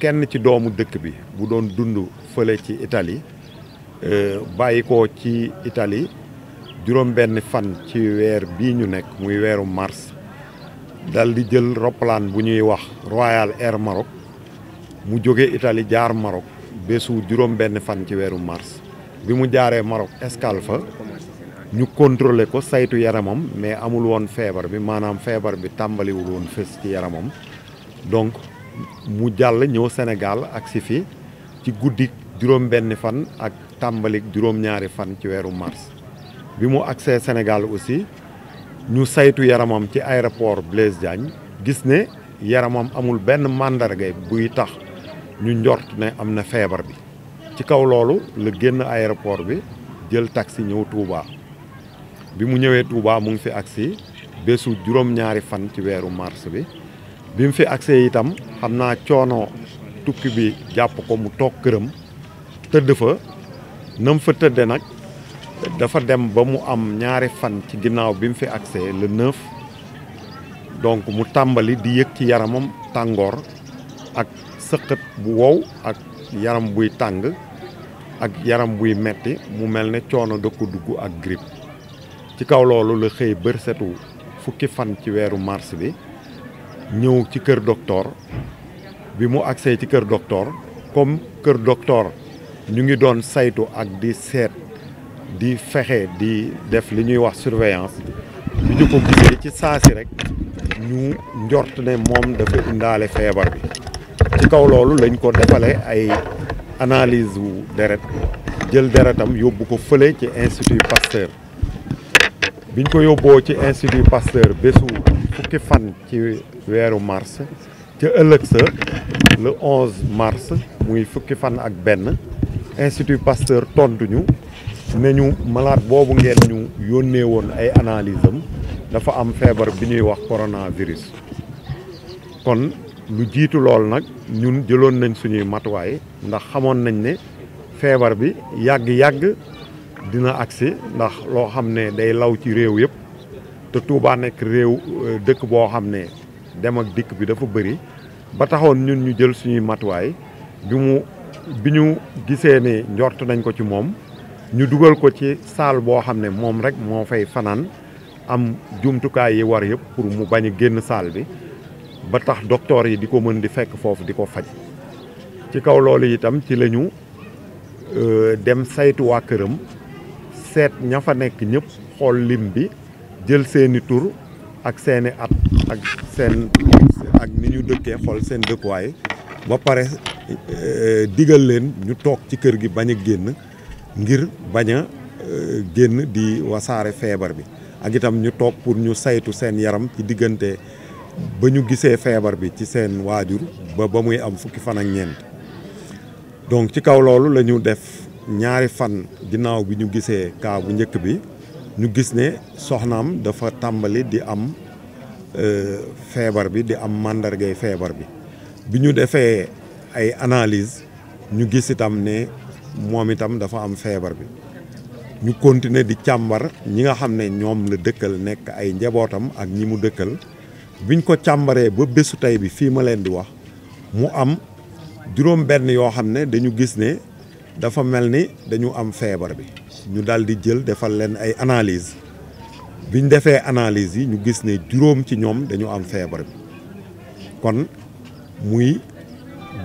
kenn ci doomu dëkk bi bu doon dund fële ci itali euh, bàyyi ko ci itali juróom benn fan ci weer bii ñu nekk muy weeru mars dal di jël roppalaan bu ñuy wax Royal Air Maroc mu jóge Italie jaar Maroc bésu juróom benn fan ci weeru mars bi mu jaaree Maroc escale fa ñu contrôlé ko saytu yaramam mais amul woon feebar bi maanaam feebar bi tàmbaliwul woon fës ci yaramam donc mu jall ñew senegal ak sifi fi ci guddik juroom benn fan ak tambalik juroom ñaari fan ci wéru mars bi mu Senegal senegal aussi ñu saytu yaramam ci aéroport Blaise Diagne gis ne yaramam amul benn màndarga buy tax ñu njort ne am na feebar bi ci kaw loolu le génn aéroport bi jël taxi ñëw Touba bi mu ñëwee Touba mu ngi fi aksi besu juróom-ñaari fan ci weeru mars bi bi mu fi agsee itam xam naa coono tukki bi jàpp ko mu toog këram tëdd fa nam fa tëdde nag dafa dem ba mu am ñaari fan ci ginnaaw bi mu fi agsee le neuf donc mu tàmbali di yëg ci yaramam tàngoor ak sëqët bu wow ak yaram buy tàng ak yaram buy metti mu mel ne coono da ko dugg ak grippe ci kaw loolu la xëy bërsetu fukki fan ci weeru mars bi ñëw ci kër docteur bi mu accès ci kër docteur comme kër docteur ñu ngi doon saytu ak di seet di fexe di def li ñuy wax surveillance bi ñu ko gisee ci saasi rek ñu njort ne moom dafa indaale feebar bi ci kaw loolu lañ ko defalee ay analyse wu deret jël deretam yóbbu ko fële ci institut Pasteur biñ ko yóbboo ci institut Pasteur bésu fukki fan ci weeru mars ca ëllëg sa le 11 mars muy fukki fan ak benn institut Pasteur tontuñu ne ñu malade boobu ngeen ñu yónnee woon ay analyse dafa am feebar bi ñuy wax coronavirus kon lu jiitu lool nag ñun jëloon nañ suñuy matuwaay ndax xamoon nañ ne feebar bi yàgg-yàgg dina agsi ndax loo xam ne day law ci réew yëpp te Touba nekk réew euh, dëkk boo xam ne dem ak dikk bi dafa bëri ba taxoon ñun ñu jël suñuy matuwaay bi mu bi ñu gisee ni njort nañ ko ci moom ñu dugal ko ci saal boo xam ne moom rek moo fay fanaan am jumtukaay yi war yëpp pour mu bañ a génn saal bi ba tax docteur yi di ko mën di fekk foofu di ko faj ci kaw loolu itam ci la ñu euh, dem saytuwaa këram seet ña fa nekk ñëpp xool lim bi jël seeni tur ak seeni at ak seen ak ni ñu dëkkee xool seen dëkkuwaay ba pare euh, digal leen ñu toog ci kër gi bañ a génn ngir bañ a euh, génn di wasaare feebar bi ak itam ñu toog pour ñu saytu seen yaram ci diggante ba ñu gisee feebar bi ci seen waajur ba ba muy am fukki fan ak ñeent donc ci kaw loolu lañu def ñaari fan ginnaaw bi ñu gisee cas njëkk bi ñu gis ne soxnaam dafa tàmbali di am Euh, feebar bi di am màndargay feebar bi bi ñu defee ay analyse ñu gis itam ne moom itam dafa am feebar bi ñu continuer di càmbar ñi nga xam ne ñoom la dëkkal nekk ay njabootam ak ñi mu dëkkal biñ ko càmbaree ba bésu tey bi fii ma leen di wax mu am juróom benn yoo xam ne dañu gis ne dafa mel ni dañu am feebar bi ñu daal di jël defal leen ay analyse bi ñu defee analyse yi ñu gis ne juróom ci ñoom dañu am feebar bi kon muy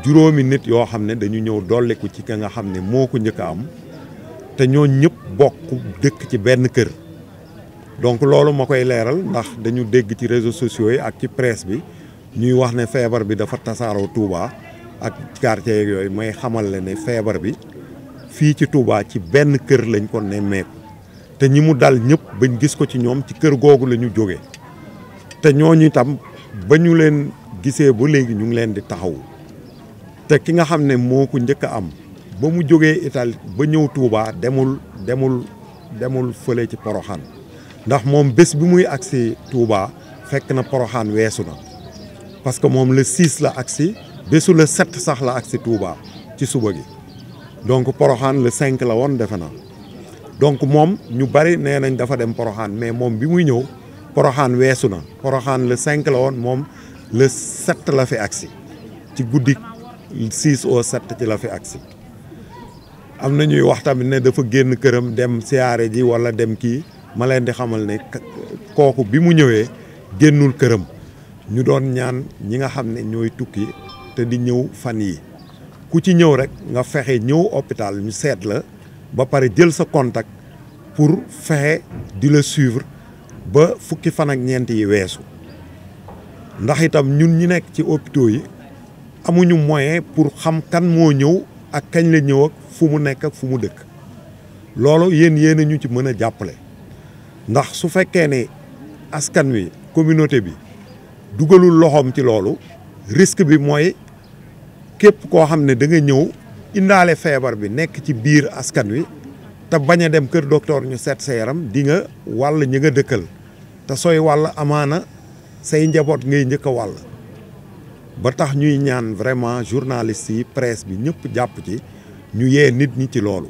juróomi nit yoo xam ne dañu ñëw dolliku ci ka nga xam ne moo ko njëkk am te ñoo ñëpp bokk dëkk ci benn kër donc loolu ma koy leeral ndax dañu dégg ci réseau sociaux yi ak ci presse bi ñuy wax ne feebar bi dafa tasaaroo Touba ak quartier yooyu may xamal la ne feebar bi fii ci Touba ci benn kër lañ ko nemmeeku te ñi mu dal ñëpp bañ gis ko ci ñoom ci kër googu la ñu jógee te ñooñu itam ba ñu leen gisee ba léegi ñu ngi leen di taxawu te ki nga xam ne moo ko njëkk a am ba mu jógee Italie ba ñëw Touba demul demul demul fële ci Poroxaan ndax moom bés bi muy agsi Touba fekk na Poroxaan weesu na parce que moom la 6 la agsi bésu la 7 sax la agsi Touba ci suba gi donc Poroxaan la 5 la woon defe na donc moom ñu bari nee nañ dafa dem Poroxaan mais moom bi muy ñëw Poroxaan weesu na Poroxaan le 5 la woon moom le 7 la fi agsi ci guddi 6 au 7 ci la fi agsi am na ñuy wax tamit ne dafa génn këram dem siyaare ji walla dem kii ma leen di xamal ne kooku bi mu ñëwee génnul këram ñu doon ñaan ñi nga xam ne ñooy tukki te di ñëw fan yi ku ci ñëw rekk nga fexe ñëw hôpital ñu seet la ba pare jël sa contact pour fexe di la suivre ba fukki fan ak ñeent yi weesu ndax itam ñun ñi nekk ci hôpitaux yi amuñu moyen pour xam kan moo ñëw ak kañ la ñëw ak fu mu nekk ak fu mu dëkk loolu yéen yéen ñu ci mën a jàppale ndax su fekkee ne askan wi communauté bi dugalul loxoom ci loolu risque bi mooy képp koo xam ne da nga ñëw indaale feebar bi nekk ci biir askan wi te bañ a dem kër docteur ñu seet sa yaram di nga wàll ñi nga dëkkal te sooy wàll amaana say njaboot ngay njëkk wàll ba tax ñuy ñaan vraiment journaliste yi presse bi ñëpp jàpp ci ñu yee nit ñi ci loolu